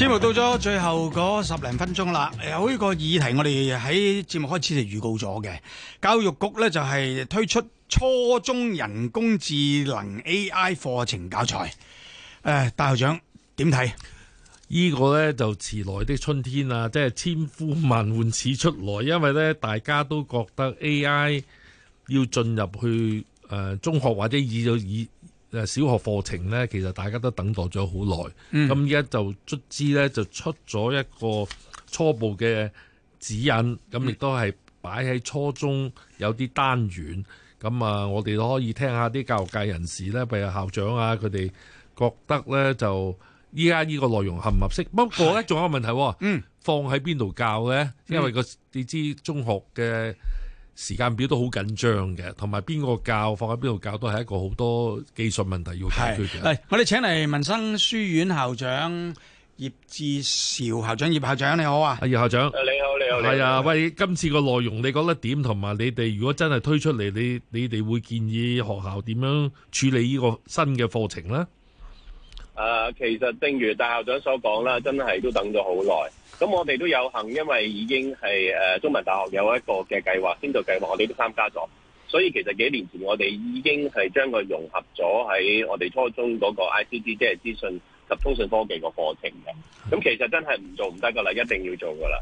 節目到咗最後嗰十零分鐘啦，有呢個議題，我哋喺節目開始就預告咗嘅。教育局咧就係推出初中人工智能 AI 課程教材。誒，葉校長點睇呢個咧？就遲來的春天啊，即係千呼萬喚始出來，因為咧大家都覺得 AI 要進入去誒中學或者以就以。誒小學課程咧，其實大家都等待咗好耐，咁依家就卒之咧就出咗一個初步嘅指引，咁亦都係擺喺初中有啲單元，咁啊、嗯、我哋都可以聽下啲教育界人士咧，譬如校長啊，佢哋覺得咧就依家呢個內容合唔合適？不過咧仲有個問題，嗯，放喺邊度教咧？嗯、因為個你知中學嘅。時間表都好緊張嘅，同埋邊個教放喺邊度教都係一個好多技術問題要解決嘅。我哋請嚟民生書院校長葉志兆校長，葉校長你好啊？葉校長，你好、啊啊校長啊、你好，啊，喂，今次個內容你覺得點？同埋你哋如果真係推出嚟，你你哋會建議學校點樣處理呢個新嘅課程咧？誒、呃，其實正如大校長所講啦，真係都等咗好耐。咁我哋都有幸，因為已經係誒、呃、中文大學有一個嘅計劃，先導計劃，我哋都參加咗。所以其實幾年前我哋已經係將佢融合咗喺我哋初中嗰個 ICT，即係資訊及通訊科技個課程嘅。咁其實真係唔做唔得噶啦，一定要做噶啦。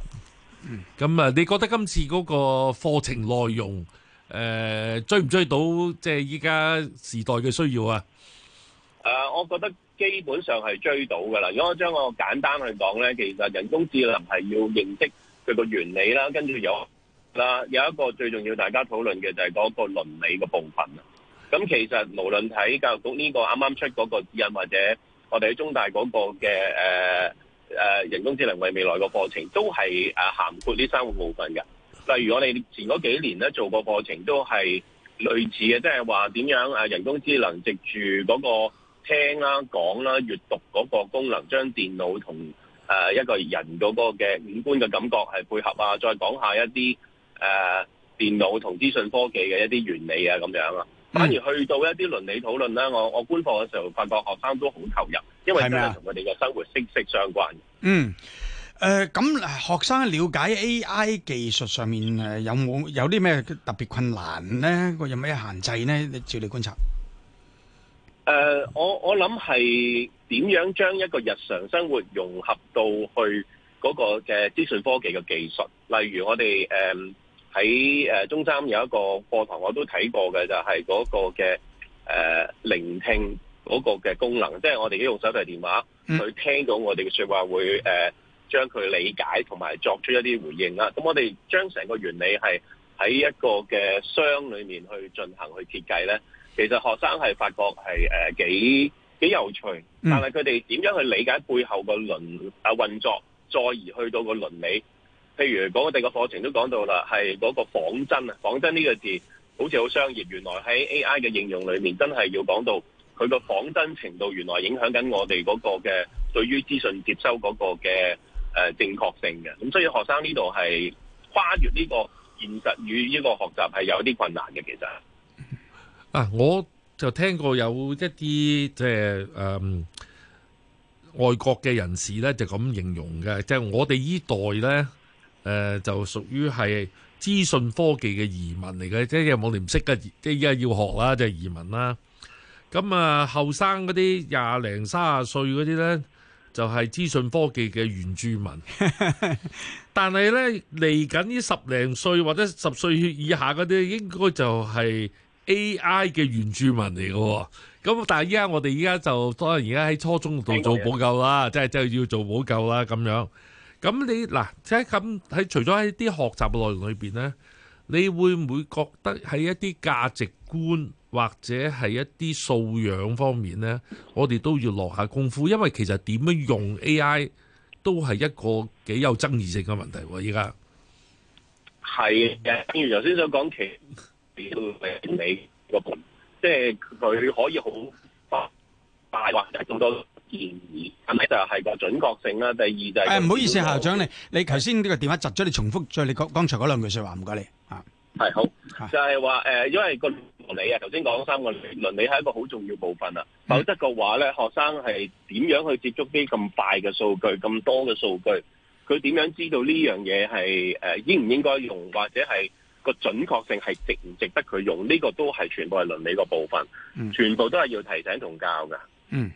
咁啊、嗯，你覺得今次嗰個課程內容誒、呃、追唔追到即係依家時代嘅需要啊？誒、呃，我覺得。基本上係追到噶啦，如果我將我簡單去講咧，其實人工智能係要認識佢個原理啦，跟住有啦有一個最重要大家討論嘅就係嗰個倫理嘅部分啦。咁其實無論喺教育局呢個啱啱出嗰個指引，或者我哋喺中大嗰個嘅誒誒人工智能為未來嘅課程，都係誒涵括呢三個部分嘅。例如我哋前嗰幾年咧做過課程，都係類似嘅，即係話點樣誒人工智能藉住嗰個。聽啦、講啦、閱讀嗰個功能，將電腦同誒一個人嗰個嘅五官嘅感覺係配合啊。再講下一啲誒電腦同資訊科技嘅一啲原理啊，咁樣啊。反而去到一啲倫理討論咧，我我觀課嘅時候發覺學生都好投入，因為都係同佢哋嘅生活息息相關。嗯，誒，咁學生了解 AI 技術上面誒有冇有啲咩特別困難咧？佢有咩限制咧？你照你觀察。誒、呃，我我諗係點樣將一個日常生活融合到去嗰個嘅資訊科技嘅技術，例如我哋誒喺誒中三有一個課堂我看，我都睇過嘅就係、是、嗰個嘅誒、呃、聆聽嗰個嘅功能，即、就、係、是、我哋用手提電話去聽到我哋嘅説話，會誒、呃、將佢理解同埋作出一啲回應啦。咁我哋將成個原理係喺一個嘅箱裏面去進行去設計咧。其實學生係發覺係誒幾幾有趣，但係佢哋點樣去理解背後個輪啊運作，再而去到個倫理，譬如講我哋個課程都講到啦，係嗰個仿真啊，仿真呢個字好似好商業，原來喺 AI 嘅應用裏面真係要講到佢個仿真程度，原來影響緊我哋嗰個嘅對於資訊接收嗰個嘅誒、呃、正確性嘅。咁所以學生呢度係跨越呢個現實與呢個學習係有啲困難嘅，其實。啊！我就聽過有一啲即係誒外國嘅人士咧，就咁形容嘅，即係我哋呢代咧誒，就屬於係資訊科技嘅移民嚟嘅，即係我哋唔識嘅，即係而家要學啦，即係移民啦。咁啊，後生嗰啲廿零三十歲嗰啲咧，就係資訊科技嘅原住民， 但係咧嚟緊呢十零歲或者十歲以下嗰啲，應該就係。A.I. 嘅原住民嚟嘅，咁但係依家我哋依家就當然而家喺初中度做補救,做救啦，即係即係要做補救啦咁樣。咁你嗱即係咁喺除咗喺啲學習嘅內容裏邊咧，你會唔會覺得喺一啲價值觀或者係一啲素養方面咧，我哋都要落下功夫，因為其實點樣用 A.I. 都係一個幾有爭議性嘅問題、啊。依家係，正如頭先所講其。 都尾尾即係佢可以好大或者咁多建議，係咪就係、是、個準確性啦？第二就誒，唔、哎、好意思，校長你你頭先呢個電話窒咗你，你，你，重複再你剛剛才嗰兩句説話，唔該你係好就係話因為個倫理啊，頭先講三個理論，你係一個好重要的部分啊。嗯、否則嘅話咧，學生係點樣去接觸啲咁快嘅數據、咁多嘅數據？佢點樣知道呢樣嘢係誒應唔應該用，或者係？個準確性係值唔值得佢用？呢個都係全部係倫理個部分，全部都係要提醒同教噶。嗯、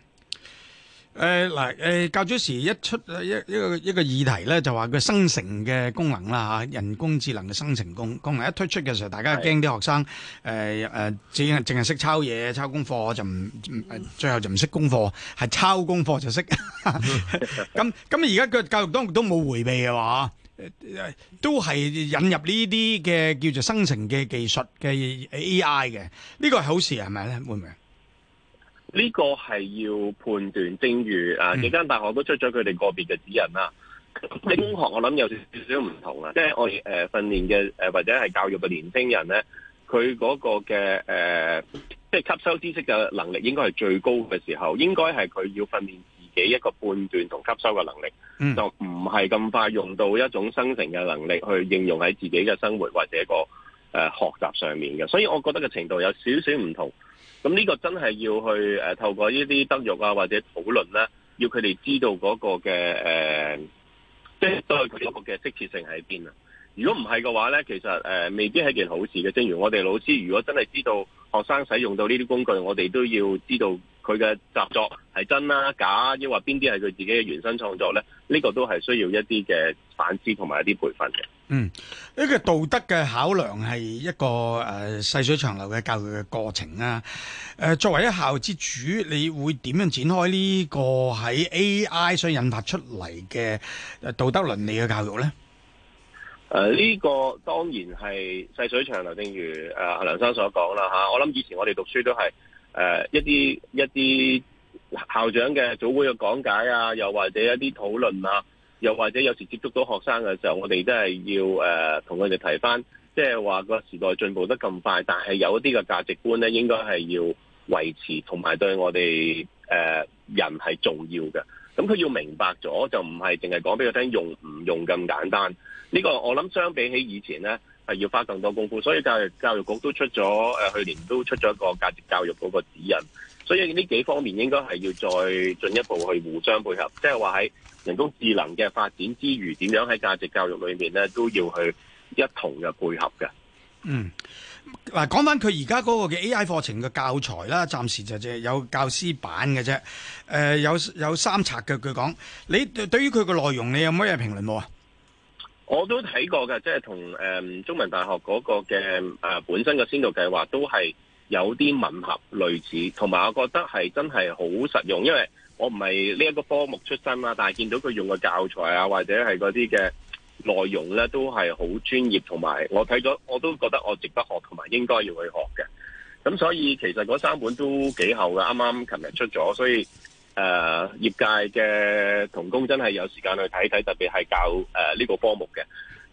誒嗱、誒教主時一出一一個一個議題咧，就話佢生成嘅功能啦吓，人工智能嘅生成功功能一推出嘅時候，大家驚啲學生誒誒，只淨係識抄嘢、抄功課，就唔唔最後就唔識功課，係抄功課就識。咁咁而家嘅教育當局都冇回避嘅話。誒，都係引入呢啲嘅叫做生成嘅技術嘅 AI 嘅，呢個係好事係咪咧？會唔會呢個係要判斷，正如啊、嗯、幾間大學都出咗佢哋個別嘅指引啦。中學我諗有少少唔同啊，即係我哋誒訓練嘅誒或者係教育嘅年青人咧，佢嗰個嘅誒、呃、即係吸收知識嘅能力應該係最高嘅時候，應該係佢要訓練自己一個判斷同吸收嘅能力。就唔係咁快用到一種生成嘅能力去應用喺自己嘅生活或者、個誒、呃、學習上面嘅，所以我覺得嘅程度有少少唔同。咁呢個真係要去、呃、透過呢啲德育啊或者討論咧、啊，要佢哋知道嗰個嘅即係對佢嗰個嘅適切性喺邊啊。如果唔係嘅話咧，其實誒、呃、未必係件好事嘅。正如我哋老師，如果真係知道學生使用到呢啲工具，我哋都要知道。佢嘅習作係真啦假，抑或邊啲係佢自己嘅原生創作咧？呢、這個都係需要一啲嘅反思同埋一啲培訓嘅。嗯、呢、這個道德嘅考量係一個誒、呃、細水長流嘅教育嘅過程啦、啊。誒、呃，作為一校之主，你會點樣展開呢個喺 AI 所引發出嚟嘅道德倫理嘅教育咧？誒、呃，呢、這個當然係細水長流，正如誒、呃、梁生所講啦吓。我諗以前我哋讀書都係。誒、呃，一啲一啲校長嘅早會嘅講解啊，又或者一啲討論啊，又或者有時接觸到學生嘅時候，我哋都係要誒同佢哋提翻，即係話個時代進步得咁快，但係有一啲嘅價值觀咧，應該係要維持，同埋對我哋誒、呃、人係重要嘅。咁佢要明白咗，就唔係淨係講俾佢聽用唔用咁簡單。呢、這個我諗相比起以前咧。係要花更多功夫，所以教育教育局都出咗，誒，去年都出咗個價值教育嗰個指引，所以呢幾方面應該係要再進一步去互相配合，即係話喺人工智能嘅發展之餘，點樣喺價值教育裏面咧都要去一同嘅配合嘅。嗯，嗱，講翻佢而家嗰個嘅 AI 課程嘅教材啦，暫時就只係有教師版嘅啫。誒，有有三冊嘅，佢講，你對於佢嘅內容，你有乜嘢評論冇啊？我都睇過嘅，即係同中文大學嗰個嘅本身嘅先導計劃都係有啲吻合類似，同埋我覺得係真係好實用，因為我唔係呢一個科目出身啦，但係見到佢用嘅教材啊，或者係嗰啲嘅內容呢，都係好專業，同埋我睇咗我都覺得我值得學同埋應該要去學嘅。咁所以其實嗰三本都幾厚嘅，啱啱琴日出咗，所以。誒、呃，業界嘅同工真係有時間去睇睇，特別係教誒呢個科目嘅。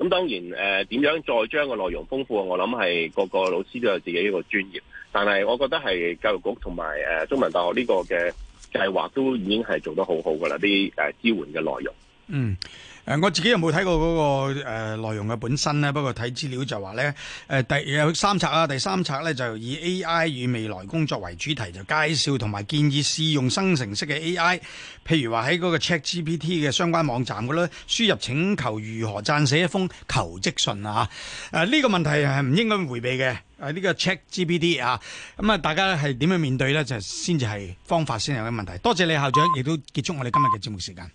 咁當然，誒、呃、點樣再將個內容豐富，我諗係各個老師都有自己一個專業。但係我覺得係教育局同埋誒中文大學呢個嘅計劃都已經係做得好好噶啦，啲誒、呃、支援嘅內容。嗯，誒，我自己有冇睇過嗰、那個誒內、呃、容嘅本身呢，不過睇資料就話呢誒，第有三冊啊，第三冊呢就以 A I 與未來工作為主題，就介紹同埋建議試用生成式嘅 A I，譬如話喺嗰個 Chat GPT 嘅相關網站嗰度，輸入請求如何撰寫一封求職信啊，誒、啊、呢、這個問題係唔應該回避嘅，誒，呢個 Chat GPT 啊，咁、這個、啊、啊，大家係點樣面對呢？就先至係方法先有嘅問題。多謝你校長，亦都結束我哋今日嘅節目時間。